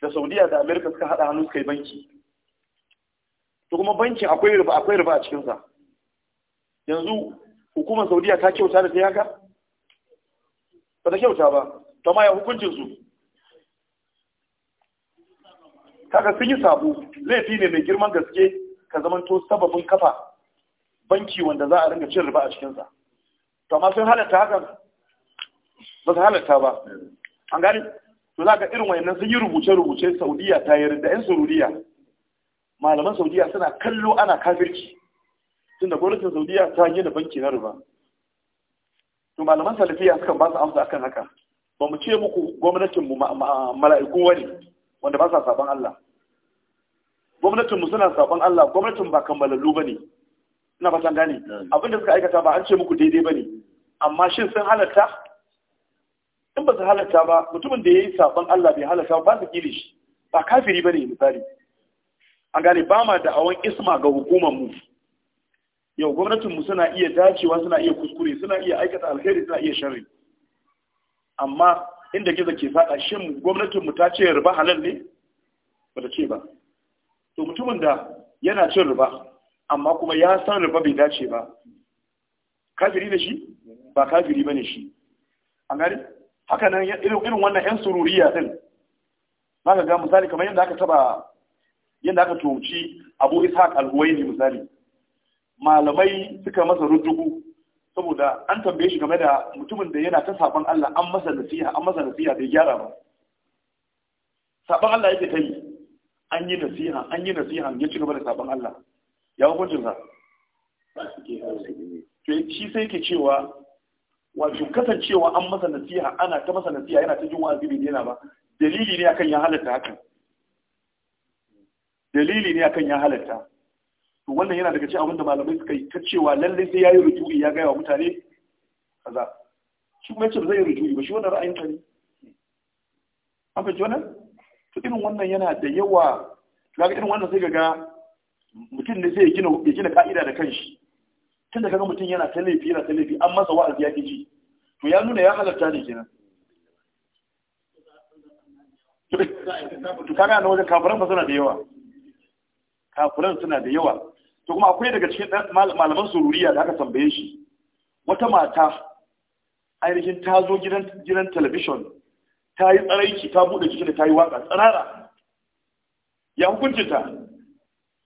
Speaker 1: da saudiya da america suka haɗa hannu suka yi banki to kuma bankin akwai riba akwai riba a cikinsa yanzu hukumar saudiya ta kyauta da ta yaga ba ta kyauta ba to ma ya hukuncin su kaga sun yi sabo laifi ne mai girman gaske ka to sababin kafa banki wanda za a ringa cin riba a cikinsa to amma sun halatta hakan ba su halatta ba an gani to za ka irin wayannan sun yi rubuce-rubuce saudiya ta yi da 'yan saudiya malaman saudiya suna kallo ana kafirci tunda gwamnatin saudiya ta yi da banki na riba to malaman salafiya sukan ba su amsa akan haka ba mu ce muku gwamnatin mu mala'iku wani wanda ba sa saban Allah gwamnatin mu suna saban Allah gwamnatin ba kammalallu bane ina fatan gane abinda suka aikata ba an ce muku daidai bane amma shin sun halatta in ba su halatta ba mutumin da yayi saban Allah bai halatta ba su kile shi ba kafiri bane misali an gane ba ma da awon isma ga hukumar mu yau gwamnatinmu suna iya dacewa suna iya kuskure suna iya aikata alheri suna iya sharri amma inda gizo ke faɗa shin gwamnatinmu ta ce riba halal ne ba ta ce ba to mutumin da yana cin riba amma kuma ya san riba bai dace ba kafiri ne shi ba kafiri ba ne shi an gari haka nan irin wannan yan sururiya din ba ga misali kamar yadda aka taba yadda aka tuhumci abu ishaq al misali malamai suka masa rujugu saboda an tambaye shi game da mutumin da yana ta saban Allah an masa nasiha an masa nasiha bai gyara ba saban Allah yake kai an yi nasiha an yi nasiha ya ci gaba da saban Allah ya hukuncin sa to shi sai yake cewa wato kasancewa an masa nasiha ana ta masa nasiha yana ta jin wa'azi bai ba dalili ne akan ya halatta hakan dalili ne akan ya halatta to wannan yana daga cikin abin da malamai suka yi ta cewa lallai sai yayi ruju'i ya gaya wa mutane kaza shi kuma yace ba zai yi ruju'i ba shi wannan ra'ayin ta ne an fahimci wannan to irin wannan yana da yawa to ga irin wannan sai ga mutum ne ya gina ya gina ka'ida da kanshi tunda kaga mutum yana ta laifi yana ta laifi an masa wa'azi ya ji to ya nuna ya halarta ne kenan to kaga na wajen kafiran ba suna da yawa kafiran suna da yawa to kuma akwai daga cikin malaman sururiya da aka tambaye shi wata mata ainihin ta zo gidan talabishon ta yi tsaraiki ta buɗe jikin da ta yi waƙa tsirara ya hukuncinta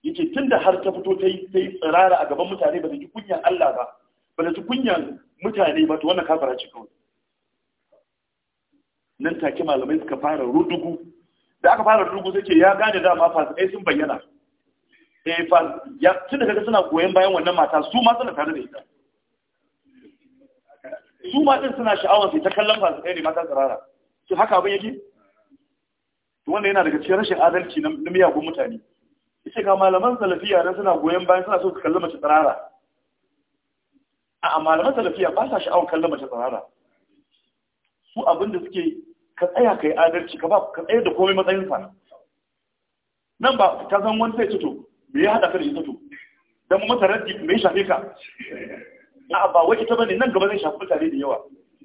Speaker 1: yake tun da har ta fito ta yi tsirara a gaban mutane ba ta ji kunyan Allah ba ba ta ji kunyan mutane ba ta wannan kafara ce kawai nan take malamai suka fara rudugu da aka fara rudugu sai ya gane dama fasikai sun bayyana eh fa ya tun da kaga suna goyon bayan wannan mata su ma suna tare da ita su ma din suna sha'awar su ta kallon fasu ɗaya ne mata tsirara to haka abin yake to wannan yana daga cikin rashin adalci na miyagun mutane ita ga malaman salafiya dan suna goyon bayan suna so su kalli mace tsirara a malaman salafiya ba sa sha'awar kallon mace tsirara su abinda suke ka tsaya ka yi adalci ka ba ka tsayar da komai matsayinsa nan ba ka san wani sai to me ya haɗa ka da izzatu dan mu mata raddi me shafe ka na ba wai ta bane nan gaba zai shafi mutane da yawa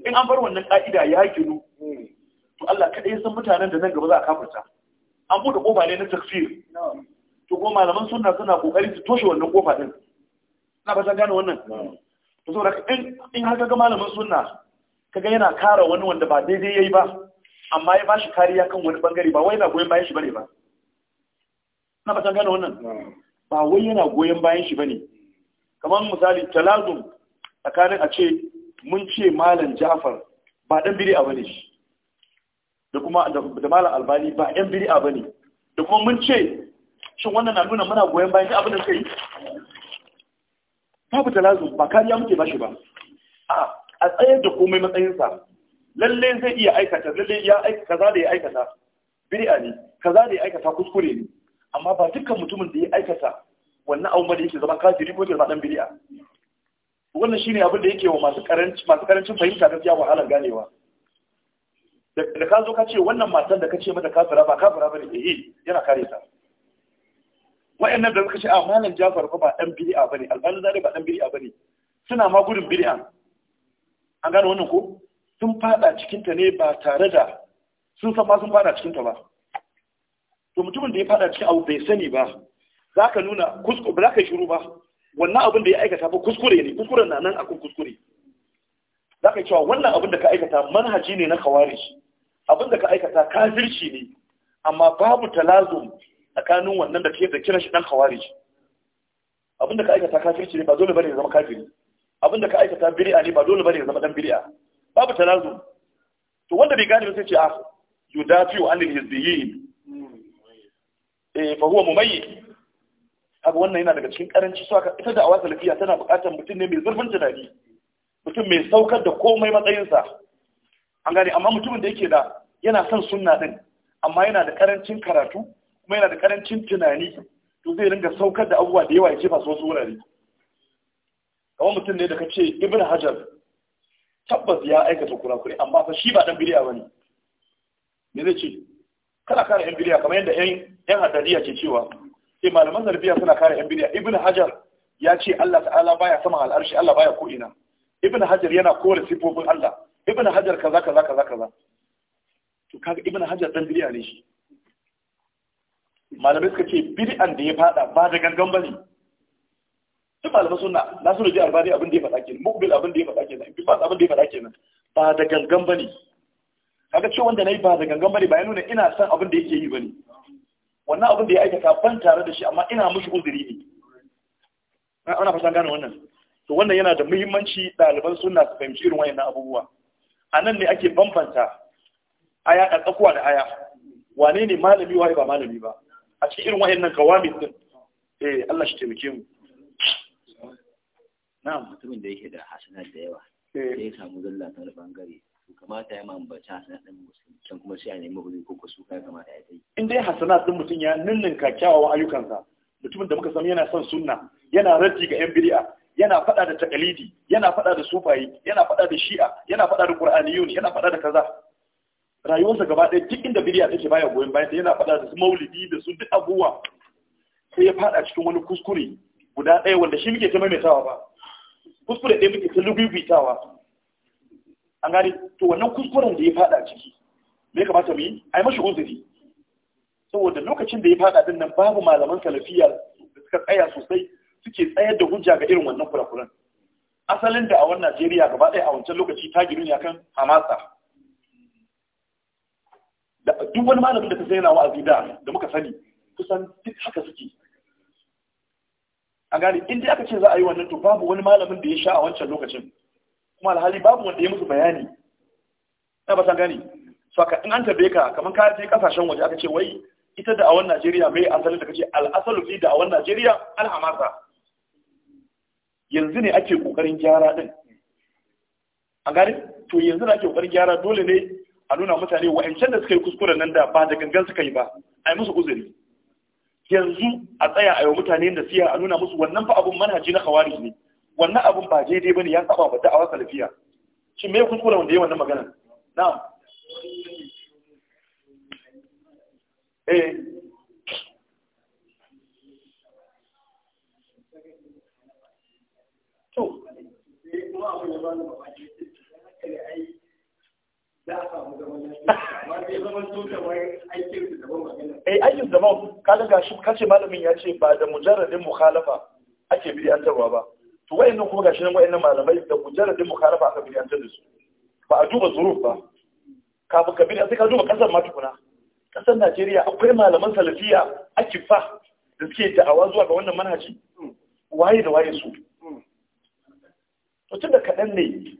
Speaker 1: in an bar wannan ka'ida ya ginu to Allah kada ya san mutanen da nan gaba za a kafarta. an buɗe kofa ne na takfir to kuma malaman sunna suna kokari su toshe wannan kofa din na ba san gane wannan to saboda in in har ga malaman sunna kaga yana kara wani wanda ba daidai yayi ba amma ya bashi kariya kan wani bangare ba wai na goyon bayan shi bane ba na fatan gano wannan ba wai yana goyon bayan shi bane kamar misali talazum tsakanin a ce mun ce malam Ja'far ba dan a bane shi da kuma da malam Albani ba dan a bane da kuma mun ce shin wannan na nuna muna goyon bayan abin da kai babu talazum ba kariya muke bashi ba a tsayar da komai matsayinsa lalle zai iya aikata lalle ya aikata kaza da ya aikata bir'a ne kaza da ya aikata kuskure ne amma ba dukkan mutumin da ya aikata wannan abubuwan da yake zama kafiri ko yake zama dan biliya wannan shine abin da yake wa masu karanci masu karancin fahimta gaskiya wahalar ganewa da ka zo ka ce wannan matan da ka ce mata kafira ba kafira bane eh yana kare ta wayannan da suka ce a malam Jafar fa ba dan biliya bane albani zare ba dan biliya bane suna ma gudun biliya an gane wannan ko sun fada cikin ta ne ba tare da sun san ma sun fada cikin ta ba to mutumin da ya fada cikin abu bai sani ba za ka nuna kuskure ba za ka yi shiru ba wannan abin da ya aikata ba kuskure ne kuskuren na nan akan kuskure za ka yi cewa wannan abin da ka aikata manhaji ne na kawari abin da ka aikata kafirci ne amma babu talazum tsakanin wannan da ke da kiran shi dan kawari abin da ka aikata kafirci ne ba dole bane ya zama kafiri abin da ka aikata biri'a ne ba dole bane ya zama dan biri'a. babu talazum to wanda bai gane ba sai ce a ah, wa anil hizbiyyin eh mu mai wannan yana daga cikin karanci su aka ita da awa salafiya tana bukatar mutum ne mai zurfin tunani mutum mai saukar da komai matsayinsa an gane amma mutumin da yake da yana son sunna din amma yana da karancin karatu kuma yana da karancin tunani to zai ringa saukar da abubuwa da yawa ya jefa su wasu wurare kamar mutum ne da ka ce ibn hajar tabbas ya aikata kurakure amma fa shi ba dan ba bane me zai ce kana kare yan biliya kamar yadda yan yan hadariya ke cewa sai eh, malaman zarbiya suna kare yan biliya ibn hajar ya ce Allah ta'ala baya sama al'arshi Allah baya ko ina ibn hajar yana kore sifofin Allah ibn hajar kaza kaza kaza kaza to kaga ibn hajar dan biliya ne shi malamai suka ce bid'an da ya fada ba da gangan bane duk malamai suna nasiru ji albani abin da ya faɗa kenan mukbil abin da ya faɗa kenan ibn abin da ya faɗa kenan ba da gangan bane kaga ce wanda na yi ba da gangan bane ba ya nuna ina son abin da yake yi bane wannan abin da ya aikata ban tare da shi amma ina mushi uzuri ne ana fasa gane wannan to wannan yana da muhimmanci ɗaliban suna su fahimci irin wayannan abubuwa a nan ne ake bambanta aya tsakuwa da aya wane ne malami waye ba malami ba a cikin irin wayannan kawami din eh Allah shi taimake mu na'am mutumin da yake da hasanat da yawa eh. sai ya samu zalla ta bangare kamata ya mambaci hasanat din mutum can kuma sai a nemi wuri ko su kai kamata ya yi in dai hasanat din mutum ya ninninka kyawawan ayyukansa mutumin da muka san yana son sunna yana raddi ga yan bid'a yana faɗa da takalidi yana faɗa da sufayi yana faɗa da shi'a yana faɗa da qur'aniyun yana faɗa da kaza rayuwarsa gaba ɗaya duk inda bidiya take baya goyon bayan yana faɗa da su maulidi da su duk abubuwa sai ya faɗa cikin wani kuskure guda ɗaya wanda shi muke ta maimaitawa ba kuskure ɗaya muke ta lugubitawa an gani to wannan kuskuren da ya fada ciki me kamata mu yi ai mashi uzuri saboda lokacin da ya fada din nan babu malaman salafiya da suka tsaya sosai suke tsayar da hujja ga irin wannan kurakuran asalin da a wannan Najeriya gaba ɗaya a wancan lokaci ta giru ne akan hamasa da duk wani malamin da ta sai na wa'azi da da muka sani kusan duk haka suke a gani in dai aka ce za a yi wannan to babu wani malamin da ya sha a wancan lokacin kuma alhali babu wanda ya musu bayani na ba san gani so ka in an tabbe ka kamar ka je kasashen waje aka ce wai ita da awon Najeriya mai asali da kace al-asalu fi da awon Najeriya al-hamasa yanzu ne ake kokarin gyara din a gari to yanzu da ake kokarin gyara dole ne a nuna mutane wa'ancan da suka yi kuskuren nan da ba da gangan suka yi ba a yi musu uzuri yanzu a tsaya a yi mutane da siya a nuna musu wannan fa abun manhaji na kawari ne wannan abun ba daidai bane ya saba wa da'awa salafiya shi me kuskure wanda yayi wannan magana na'am eh to eh aikin zaman kaga gashi kace malamin ya ce ba da mujarradin mukhalafa ake bi'antarwa ba to nan kuma gashi nan wayannan malamai da din mukhalafa aka bi an da su ba a duba zuruf ba kafin ka bi sai ka duba kasar ma tukuna kasar Najeriya akwai malaman salafiya akifa da suke da'awa zuwa ga wannan manhaji waye da waye su to tunda kaɗan ne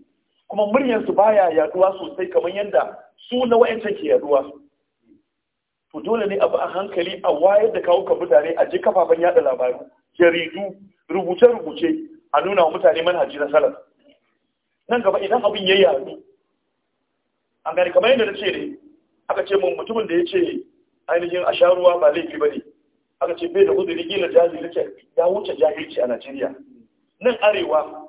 Speaker 1: kuma muryarsu baya yaduwa sosai kamar yadda su na wayancan ke yaduwa to dole ne abu a hankali a wayar da kawo mutane a je kafafen yada labaru jaridu rubuce-rubuce a nuna wa mutane manhaji na salaf nan gaba idan abin ya yi yaɗu an gani kamar yadda na ce ne aka ce mun mutumin da ya ce ainihin a sharuwa ruwa ba laifi ba ne aka ce bai da uzuri gina jahilci ya wuce jahilci a najeriya nan arewa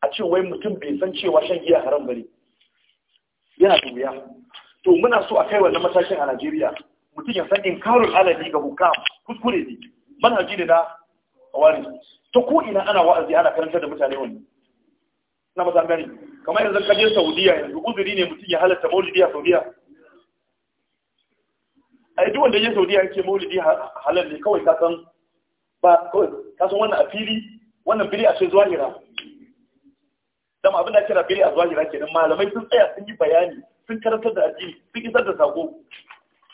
Speaker 1: a ce wai mutum bai san cewa shan giya haram ne yana da wuya to muna so a kai wannan matakin a najeriya mutum ya san inkarul alabi ga hukam kuskure ne manhaji ne na kawari ta ko ina ana wa'azi ana karantar da mutane wani na ba gani kamar yanzu ka je Saudiya yanzu uzuri ne mutum ya halatta maulidi a Saudiya A yi duwanda yin Saudiya yake maulidi halal ne kawai kasan ba kawai kasan wannan a fili wannan biri a ce zahira dama abin da kira biri a zahira kenan malamai sun tsaya sun yi bayani sun karantar da addini sun isar da sako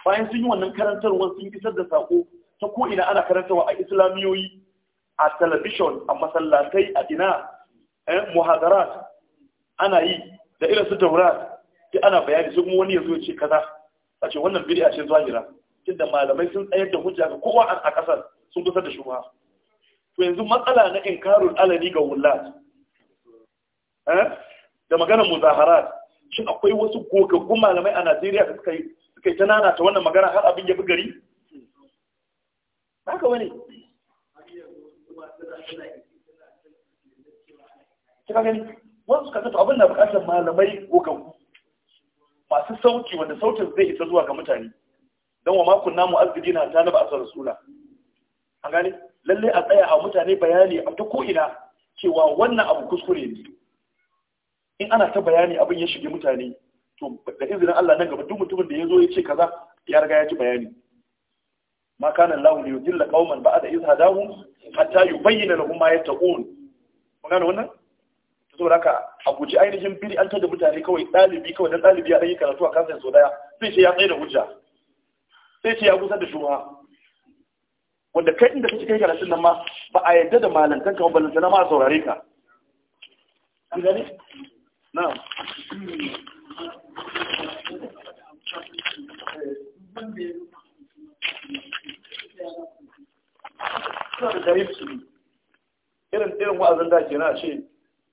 Speaker 1: bayan sun yi wannan karantarwa sun isar da sako ta ko ina ana karantarwa a islamiyoyi a talabishon a masallatai a ina eh, muhadarat ana yi da irin su taurat sai ana bayani sai kuma wani ya zo ce kaza a ce wannan bid'a ce zahira tunda malamai sun tsayar da hujja ga kowa a kasar sun kusa da shuba to yanzu matsala na inkarul alani ga wullat eh da maganar muzaharat shin akwai wasu gogaggun malamai a Najeriya da suka yi suka yi ta wannan magana har abin ya bi gari haka wani kika gani wasu suka abin da bukatar malamai ko kanku masu sauki wanda sautin zai isa zuwa ga mutane don wa makon namu arziki na ta naba asar rasula A gane lalle a tsaya a mutane bayani a ta ko'ina cewa wannan abu kuskure ne in ana ta bayani abin ya shige mutane to da izinin Allah nan gaba duk mutumin da ya zo ya ce kaza ya riga ya ji bayani ma kana Allah li yudilla qauman ba'da iz hadahum hatta yubayyana lahum ma yattaqun mun gane wannan to saboda haka a guji ainihin biri an tada mutane kawai dalibi kawai dan dalibi ya yi karatu a kansa so daya sai ce ya tsaye da hujja sai ce ya gusa da shuha wanda kai inda kake kai karatun nan ma ba a yadda da malantan ka balanta na ma saurare ka an na Thank you. suna da su irin irin wa'azin da ke na ce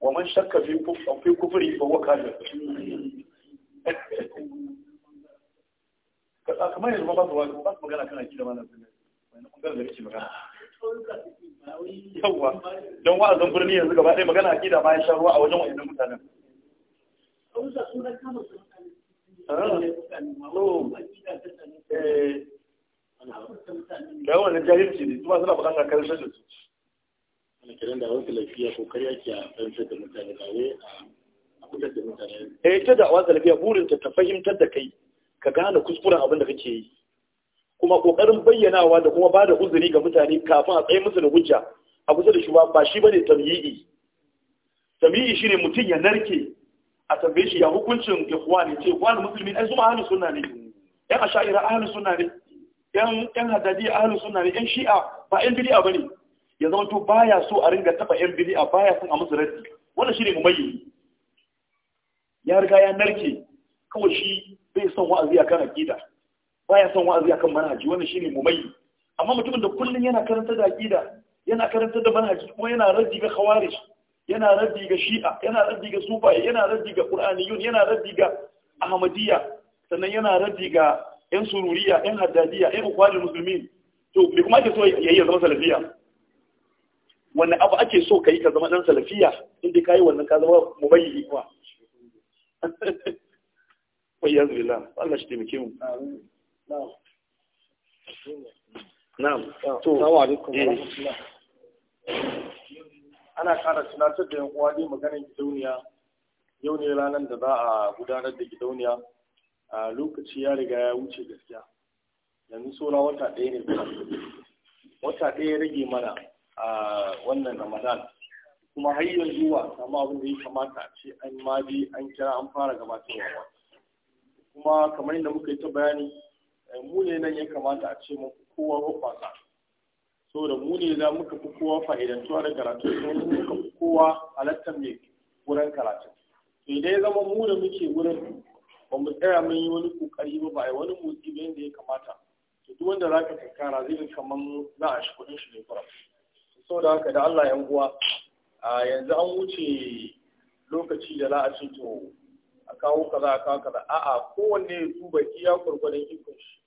Speaker 1: wa man shakka fi kufuri fa huwa kafir kamar yanzu ba ba su ba su magana kan akida ma na sun wani kun magana yawwa don wa'azin birni yanzu gaba ɗaya magana ma ruwa a wajen wa'azin mutanen da yawan na jahilci ne kuma suna bukatar karshe da su ana kiran da wasu lafiya ko karya ke a fahimtar da mutane ba wai a kutar da mutane eh ta da wasu lafiya burinta ta fahimtar da kai ka gane kuskuren abin da kake yi kuma kokarin bayyanawa da kuma ba da uzuri ga mutane kafin a tsaye musu da hujja a kusa da shi ba shi bane tamyi'i tamyi'i ne mutum ya narke a tambaye shi ya hukuncin ikhwani ce ikhwani musulmi ai zuma ahlus sunna ne yan asha'ira ahlus sunna ne yan hadadi a halin suna ne yan shi'a ba yan ba bane ya zama to baya so a ringa taba yan ba baya son a musu raddi ne mu mumayyi ya riga ya narke kawai shi bai son wa'azi akan Ba baya son wa'azi kan manhaji shi ne mu mumayyi amma mutumin da kullum yana karanta da akida, yana karanta da manhaji kuma yana raddi ga khawarij yana raddi ga shi'a yana raddi ga sufaye yana raddi ga qur'aniyun yana raddi ga ahmadiyya sannan yana raddi ga yan sururiya yan haddadiya yan ukwalin musulmi to me kuma ake so ya yi zama salafiya Wannan abu ake so ka yi ka zama dan salafiya inda ka yi wannan ka zama mubayyi kuwa wai yanzu Allah shi taimake mu na'am to eh. ana kara tunatar da yan uwa dai maganar gidauniya yau ne ranar da za a gudanar da gidauniya a lokaci ya riga ya wuce gaskiya yanzu saura wata ɗaya ne kuma wata ɗaya rage mana a wannan ramadan kuma har yanzu wa samu abin da ya kamata a ce an ma an kira an fara gabatarwa ba kuma kamar yadda muka yi ta bayani eh, mu ne nan ya kamata a ce mu kowa hoɓasa da mu ne za muka fi kowa fa'idantuwa da karatu kuma muka fi kowa halattar mai wurin karatu idan ya zama mu da muke wurin ba mu tsaya mun yi wani kokari ba ba wani motsi ba yadda ya kamata to duk wanda zaka kankara zai ga kaman za a shi kudin shi ne fara saboda haka da Allah yan uwa a yanzu an wuce lokaci da za a ce to a kawo kaza a kawo kaza a'a kowanne ya duba iya gurgurdan ikon shi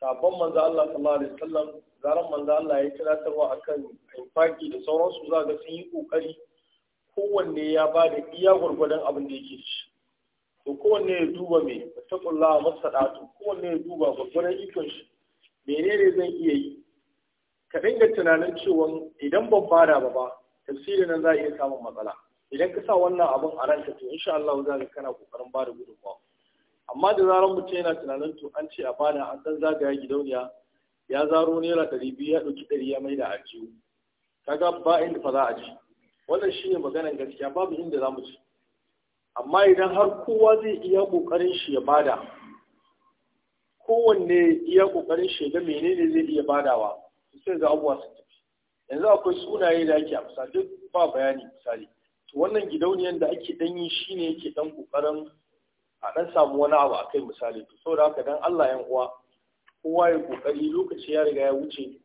Speaker 1: sabon manzo Allah sallallahu alaihi wasallam zaran manzo Allah ya tunatarwa akan infaki da sauransu za ga sun yi kokari kowanne ya ba da iya gwargwadon abin da yake shi to kowanne ya duba mai, me taqullaha ko kowanne ya duba gwagwaran ikon shi menene zan iya yi ka dinga tunanin cewa idan ban fara ba ba tafsirin nan za a iya samun matsala idan ka sa wannan abin a ranka to insha Allah za ka kana kokarin ba da gudunmawa amma da zarar mutum yana tunanin to an ce a bana an san zagaya gidauniya ya zaro naira ɗari biyu ya ɗauki ɗari ya mai da ajiyu kaga ba inda fa za a ci wannan shine maganar gaskiya babu inda za mu ci amma idan har kowa zai iya ƙoƙarin shi ya bada kowanne iya ƙoƙarin shi ga menene zai iya badawa sai ga abuwa su tafi yanzu akwai sunaye da ake amsa duk ba bayani misali to wannan gidauniyan da ake dan yi shine yake dan ƙoƙarin a dan samu wani abu kai misali to saboda haka dan Allah yan uwa kowa ya ƙoƙari lokaci ya riga ya wuce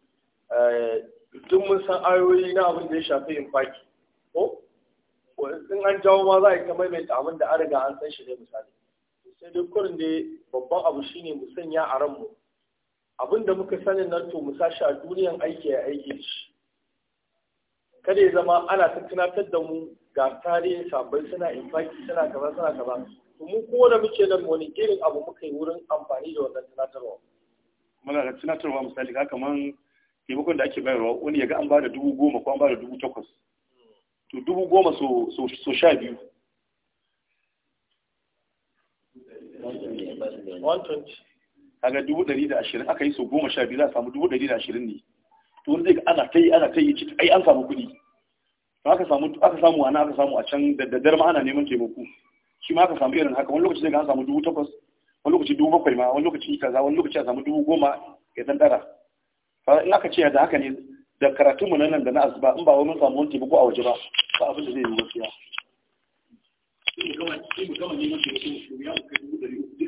Speaker 1: eh, duk mun san ayoyi na abin da ya shafi infaki ko in an jawo ma za a yi ta maimaita abin da an riga an san shi ne misali sai duk kurin da babban abu shi ne mu sanya a ranmu abin da muka sani na to mu sashi a duniyan aiki ya aiki shi kada ya zama ana ta tunatar da mu ga tarihin sabbin suna infaki suna kaza suna kaza to mu ko da muke nan wani irin abu muka yi wurin amfani da wannan tunatarwa muna da tunatarwa misali ga kaman taimakon da ake bayarwa wani ya ga an ba da dubu goma ko an ba da dubu takwas to dubu goma so sha biyu kaga dubu ɗari da ashirin aka yi so goma sha biyu za a samu dubu ɗari da ashirin ne to wani zai ana ta yi ana ta yi ci ai an samu kuɗi to aka samu aka samu ana aka samu a can da daddar ma ana neman taimako shi ma aka samu irin haka wani lokaci zai ga an samu dubu takwas wani lokaci dubu bakwai ma wani lokaci kaza wani lokaci a samu dubu goma ya zan dara in aka ce da haka ne da karatunmu na nan da na asuba in ba wani mun samu wanke ko a waje ba ba abin da zai yi gaskiya